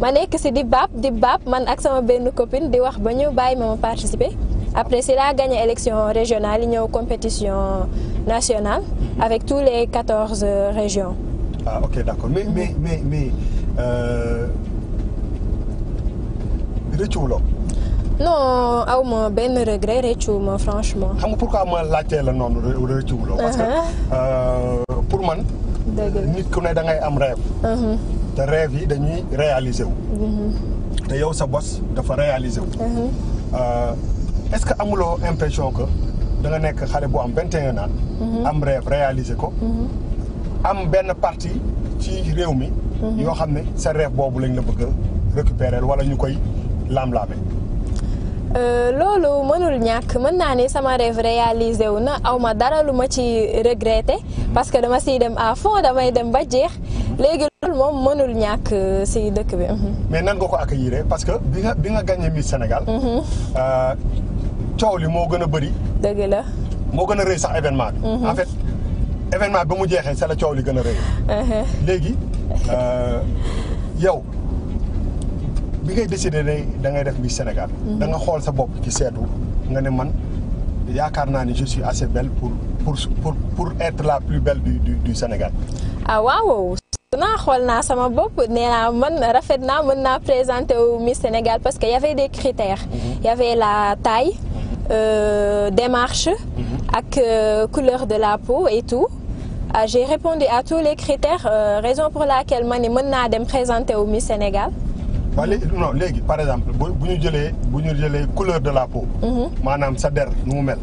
ma nekk si di baab di baab man ak sama benn copine di wax ba ñu bàyyi ma ma participer après si laa gagné élection régionale yi ñëw compétition nationale avec tous les quatorze euh, régions. ah ok d'accord mais mais mais mais euh, rëccuwuloo. non aw ma benn regret rëccu ma franchement. xam nga pourquoi ma laajtee la noonu rëccuwuloo. parce que uh-huh. euh, pour man. nit ku ne da am rêve. Uh-huh. te rêve yi dañuy réaliser wu. Mhm. te yow sa bos dafa réaliser wu. Mhm. Euh, est-ce que amuloo impression que da nga nekk xale bu am 21 ans. Mhm. am rêve réaliser ko. am benn parti ci réew mi. yoo xam ne sa rêve boobu lañ la bëgg a récupérer wala ñu koy laam-laame. Euh, loolu mënul ñàkk mën naa ne sama rêve réalisé wu na aw ma dara lu ma ci regretté parce que dama siy dem à fond damay dem ba jeex léegi loolu moom mënul ñàkk euh, si dëkk bi. Mhm. mais nan nga ko ak accueillir parce que bi nga bi nga gagné Miss Sénégal. Mhm. Euh, coow li moo gën a bëri. dëgg la. moo gën a rëy sax événement bi. Mhm. fait événement bi mu jeexee c'est la coow li gën a rëy. léegi euh, yow bi ngay décider ne da ngay def Miss Sénégal. da xool sa bopp ci seetu nga ne man yaakaar naa ni je suis assez belle pour pour pour pour être la plus belle du du Sénégal. ah waaw. naa xool naa sama bopp nee naa man rafet naa mën naa présenter wu Miss Sénégal parce que y avait des critères mhm. y avait la taille euh, démarche mhm. ak euh, couleur de la peau et tout ah j'ai répondu à tous les critères euh, raison pour laquelle ma ni mën naa dem présenté wu Miss Sénégal waaw léegi non léegi par exemple bu ñu jëlee bu ñu jëlee couleur de la peau mhm. maanaam sa der nu mel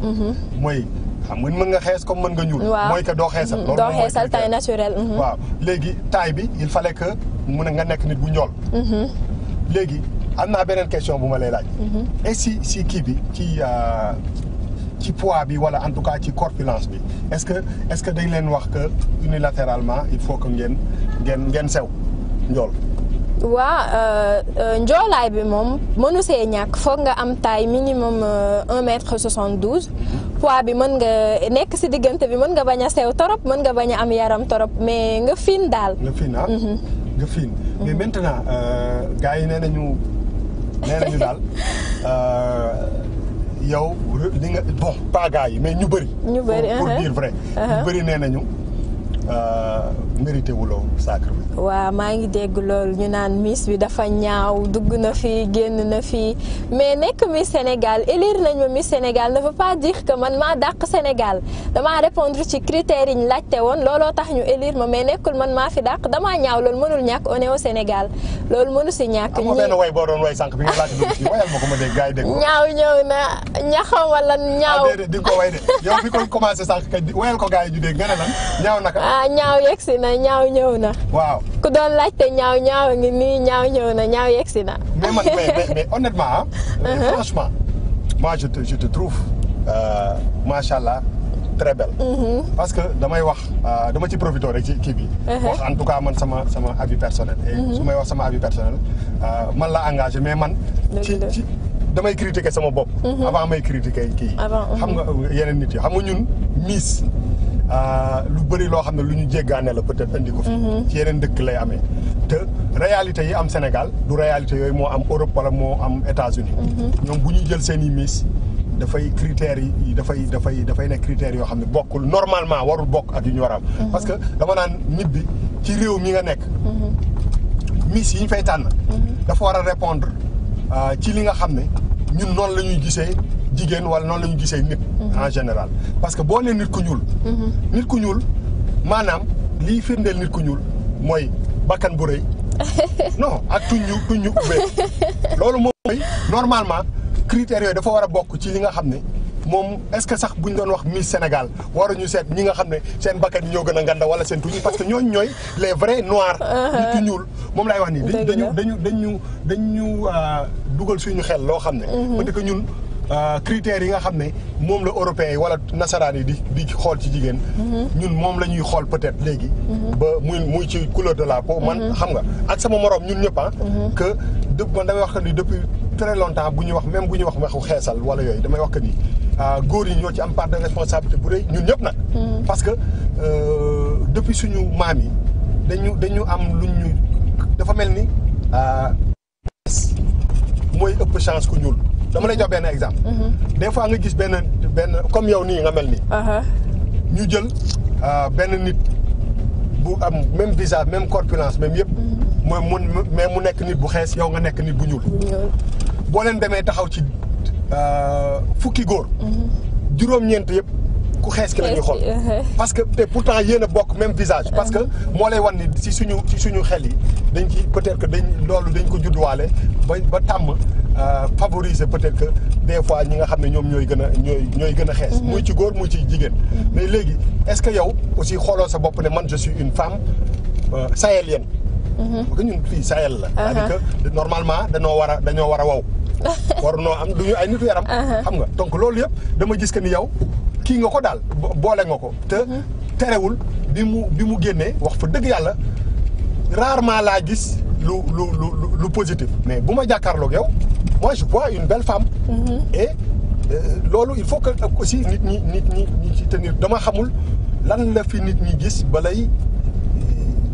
xam nga mën nga xees comme mën nga ñuul. mooy que doo xeesal. loolu doo xeesal taille naturelle. Mhm. waaw léegi taille bi il fallait que mu ne nga nekk nit bu ñool. Mhm. léegi am naa beneen question bu ma lay laaj. Mhm. et si si kii bi ci euh, ci poids bi wala en tout cas ci corpulence bi est-ce que est-ce que dañ leen wax que unilatéralement il faut que ngeen ngeen ngeen sew njool. waa euh, euh, njoolaay bi moom mënu see ñàkk foog nga am taille minimum euh, un mètre soixante douze poids bi mën nga nekk si diggante bi mën nga bañ a sew torop mën nga bañ a am yaram torop mais nga fiin daal. nga fiin ah. Mhm. nga mhm. mais maintenant gars yi nee nañu nee nañu daal yow li nga bon pas gars yi mais ñu bëri. ñu bëri pour uh-huh. dire vrai. Uh-huh. ñu bëri nee nañu. mérité wuloo sacre bi. waaw maa ngi dégg loolu ñu naan miis bi dafa ñaaw dugg na fi génn na fi mais nekk Miss Sénégal élire nañ ma Miss Sénégal ne veut pas dire que man maa dàq Sénégal damaa répondre ci critères yi ñu laajte woon looloo tax ñu élire ma mais nekkul man maa fi dàq damaa ñaaw loolu mënul ñàkk on est au Sénégal loolu mënu si ñàkk. ñii benn way boo doon way sànq bi si wayal ma ko ma dégg gars ñaaw ñëw na ñaxam wala ñaaw. ah ko way de yow bi ko commencé sànq kat wayal ko gars yi ju dégg nga ne lan ah ñaaw yegg na ñaaw ñëw na. waaw ku doon laajte ñaaw ñaaw ngi nii ñaaw ñëw na ñaaw yegg si na. mais man mais mais honnêtement ah. trouve euh, macha allah mm-hmm. parce que damay wax euh, dama ci profité rek ci kii bi. Uh-huh. wax en tout cas man sama sama avis personnel. et mm-hmm. su may wax sama avis personnel euh, man la engagé mais man. ci ci damay critiquer sama bopp. Mm-hmm. avant may critiquer kii. avant xam nga yeneen nit yi xam nga ñun miis. Euh, lu bëri loo xam ne lu ñu jéggaane la peut-être indi ko fi. Mhm. ci yeneen dëkk lay amee. te réalité yi am Sénégal du réalité yooyu moo am Europe wala moo am États-Unis mhm. ñoom bu ñuy jël seen i miis dafay critères yi dafay dafay dafay nekk critères yoo xam ne bokkul normalement warul bokk ak yu ñu war am mhm. parce que dama naan nit bi ci réew mi nga nekk. miss yi ñu fay tànn. dafa war a répondre euh, ci li nga xam ne ñun noonu la ñuy gisee jigéen wala noonu la ñuy gisee nit. en général parce que boo nee nit ku ñuul. Mhm. nit ku ñuul maanaam lii firndeel nit ku ñuul mooy bakkan bu rëy non ak tuñ ñu tuñ ñu ubbee loolu moom mooy normalement critères yooyu dafa war a bokk ci li nga xam ne moom est-ce que sax bu ñu doon wax Miss Sénégal war ñu seet ñi nga xam ne seen bakkan yi ñoo gën a nganda wala seen tuñ parce que ñooñu ñooy les vrais noirs. Uh-huh. nit ku ñuul moom laay wax nii. dañu dañu dañu dañu euh, dugal suñu xel loo xam ne. Mm-hmm. peut-être ñun. Euh, critères yi nga xam ne moom la européens yi wala nasaraan yi di di xool ci jigéen. Mm-hmm. ñun moom la ñuy xool peut-être léegi. Mm-hmm. ba muy muy ci couleur de la po man mm-hmm. xam nga ak sama moroom ñun ñëpp ah. que dëpp man damay wax que ni depuis très longtemps bu ñuy wax même bu ñuy wax waxu xeesal wala yooyu damay wax que ni euh, góor yi ñoo ci am part de responsabilité bu rëy ñun ñëpp nag. parce que euh, depuis suñu maam yi dañu dañu am lu ñu dafa mel ni. mooy ëpp chance ku ñuul. dama lay jox benn exemple. Mhm. des fois nga gis benn benn comme yow nii nga mel nii. ñu jël euh, benn nit bu am même visage même corpulence même yëpp. Mhm. mooy mun mais mu nekk nit bu xees yow nga nekk nit bu ñuul. boo leen demee taxaw ci euh, fukki góor. Mhm. juróom-ñeent yëpp. ku xees ki la ñuy xool uh-huh. parce que pour pourtant yéen bokk même visage parce que moo lay wan ni si suñu si suñu xel yi dañ ci peut-être que dañ loolu dañ ko judduwaale ba ba tàmm euh, favoriser peut-être que des fois ñi nga xam ne ñoom ñooy gën a ñooy ñooy gën a xees uh-huh. muy ci góor muy ci jigéen uh-huh. mais léegi est-ce que yow aussi xooloo sa bopp ne man je suis une femme euh, sahélienne parce que ñun fii Sahel la c'est-à-dire que normalement dañoo war a dañoo war a wow war noo am duñu ay nitu yaram xam nga donc loolu yëpp dama gis que ni yow kii nga ko daal boole nga ko te mm-hmm. terewul bi mu bi mu génnee wax fa dëgg yàlla rarement laa gis lu lu lu lu positif mais bu ma jàkkaarloog yow moi je une belle femme mm-hmm. et euh, loolu il faut que aussi nit ñi nit ñi ci tenir dama xamul lan la fi nit ñi gis balay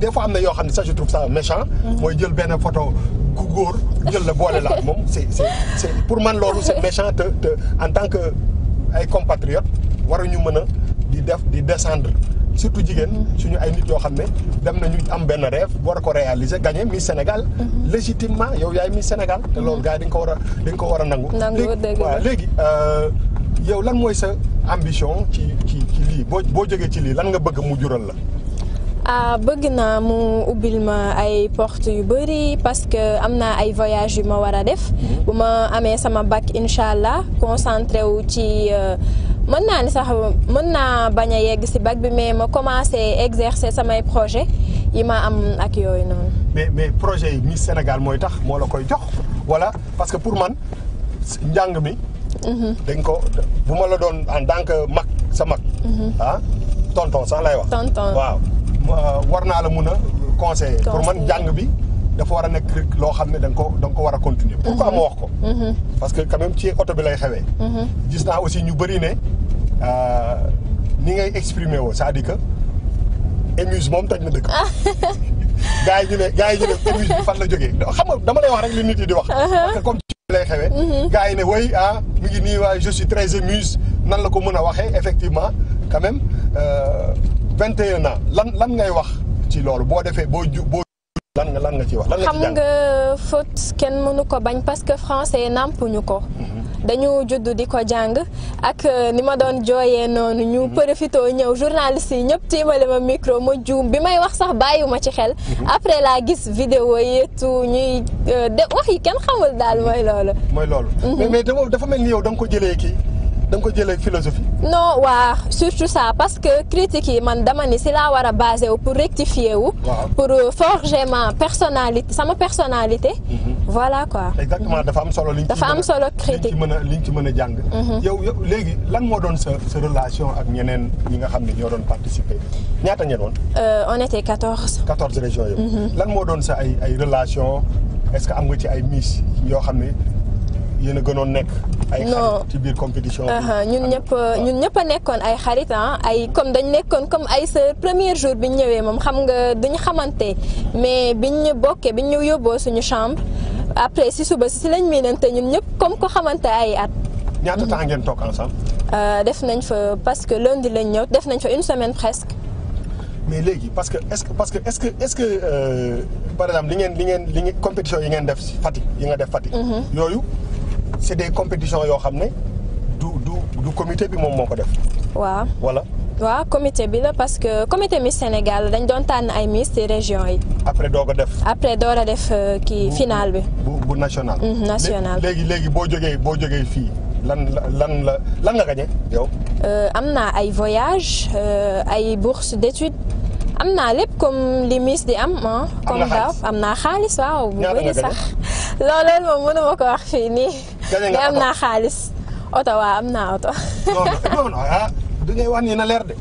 des fois na yoo xam ne ça je trouve ça mm-hmm. mooy jël benn photo ku góor jël la boole la moom c'est c'est pour man loolu c'est méchant te en tant que ay compatriote waruñu mën a di def di descendre surtout jigéen mm-hmm. suñu ay nit yoo xam ne dem nañu am benn rêve war ko réaliser gagné Miss Sénégal. Mm-hmm. légitimement yow yaay Miss Sénégal. te loolu mm-hmm. gars yi dañ ko war a dañ ko war a nangu. nangu waaw léegi euh, yow lan mooy sa ambition ci ci ci lii boo jogee ci lii lan nga bëgg mu jural la. ah bëgg naa mu ubbil ma ay porte yu bëri parce que am naa ay voyage yu ma war a def. bu ma amee sama bac incha allah concentré wu ci. Euh, man naa ni sax mën naa bañ a yegg si bag bi mais ma commencé exercer samay projet yi ma am ak yooyu noonu. mais mais projet yi Miss Sénégal mooy tax moo la koy jox wala parce que pour man njàng mi. Mhm. dañ ko bu ma la doon en tant que mag sa mag. Mhm. Ah, tonton sax lay wax. tonton waaw war naa la mun a conseiller. pour man njàng bi. dafa war a nekk loo xam ne da nga ko ko war a continuer. pourquoi mm-hmm. ma wax ko. Mm-hmm. parce que quand même ci oto bi lay xewee. Mm-hmm. gis naa aussi ñu bëri ne euh, ni ngay exprimer woo c'est-à-dire moom toj na dëkk. Ah. gaa yi ñu ne gaa yi ñu ne émuse bi fan la jógee xam nga dama lay wax rek li nit yi di wax. Uh-huh. parce que comme ci lay xewee. gaa yi ne woy ah mi ngi nii waaye je suis très émuse nan la ko mën a waxee effectivement quand même euh, vingt et un lan lan ngay wax. ci loolu boo defee boo ju lan nga lan nga ci wax lan nga xam nga faute kenn mënu ko bañ parce que français nàmpuñu ko. Mhm. dañu judd di ko jàng ak euh, ni ma doon jooyee noonu ñu mhm. profité ñëw journaliste yi ñëpp tiimale ma micro ma juum bi may wax sax bàyyiwuma ci xel mhm. après laa gis vidéo yettu ñuy euh, de wax yi kenn xamul daal mooy loolu mooy loolu mais mais dafa mel ni yow da ko jëlee kii da ko jëlee philosophie. non waa surtout ça parce que critique yi man dama ni si laa war a basé wu pour rectifier wu. pour euh, forger ma personnalité sama personnalité. Mhm. voilà quoi. exactement dafa am solo li dafa am solo critique ci mën a liñ ci mën a jàng. Mhm. yow yow léegi lan moo doon sa relation ak ñeneen ñi nga xam ni ñoo doon participer ñaata ngeen woon. Euh, on était quatorze. quatorze régions yow. Mhm. lan moo doon sa ay ay relation est-ce que am nga ci ay miss yoo xam ne. yéen a gënoon nekk. ay xarit biir compétition ñun ñëpp ñun ñëpp a nekkoon ay xarit ah, ay comme dañ nekkoon comme ay sœur premier jour bi ñu ñëwee moom xam nga duñu xamante mais bi ñu bokkee bi ñu yóbboo suñu chambre après si suba si lañ miinante ñun ñëpp comme ko xamante ay at. ñaata mm. temps ngeen toog ensemble. Euh, def nañ fa parce que lundi lañ ñëw def nañ fa une semaine presque. mais léegi parce que est parce que est-ce que est-ce que euh, par exemple li ngeen li ngeen li ngeen compétition yi ngeen def Fatick yi nga def fati mhm. yooyu. c'est des compétitions yoo xam ne du du du comité bi moom moo ko def. waaw wala waaw comité bi la parce que comité Miss Sénégal dañ doon tànn ay miss ci région yi. après doo ko def. après doo a def euh, kii final bi. bu bu national. Mm-hmm, national léegi léegi boo jógee boo jógee fii lan lan la lan nga gañe yow. Euh, am naa ay voyage euh, ay bourse d'études am naa lépp comme li miss di am ah. comme daaw am naa xaalis waaw. bu bëri sax loolu moom mënuma ko wax fii nii. gañe nga am naa xaalis oto am naa oto. non ah, wax nii na leer de.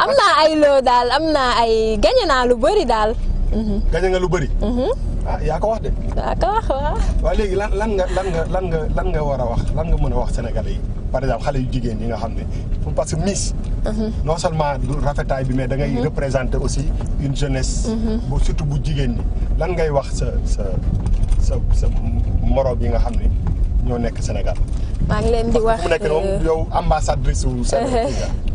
am naa daal am naa ay gañe naa lu bëri daal. Mhm. gañe nga lu bëri. Mhm. Ah, yaa ko wax de. yaa léegi lan lan nga lan nga lan nga lan nga war a wax lan nga mën a wax sénégalais yi par exemple xale yu jigéen yi nga xam ne parce que Miss. Mhm. non seulement du rafetaay bi mais da ngay représenter aussi une jeunesse. bu surtout bu jigéen ñi lan ngay wax sa sa sa. moroom yi nga xam ni ñoo nekk Sénégal. maa ngi leen di wax parce que nekk moom yow ambassadrice wu Sénégal.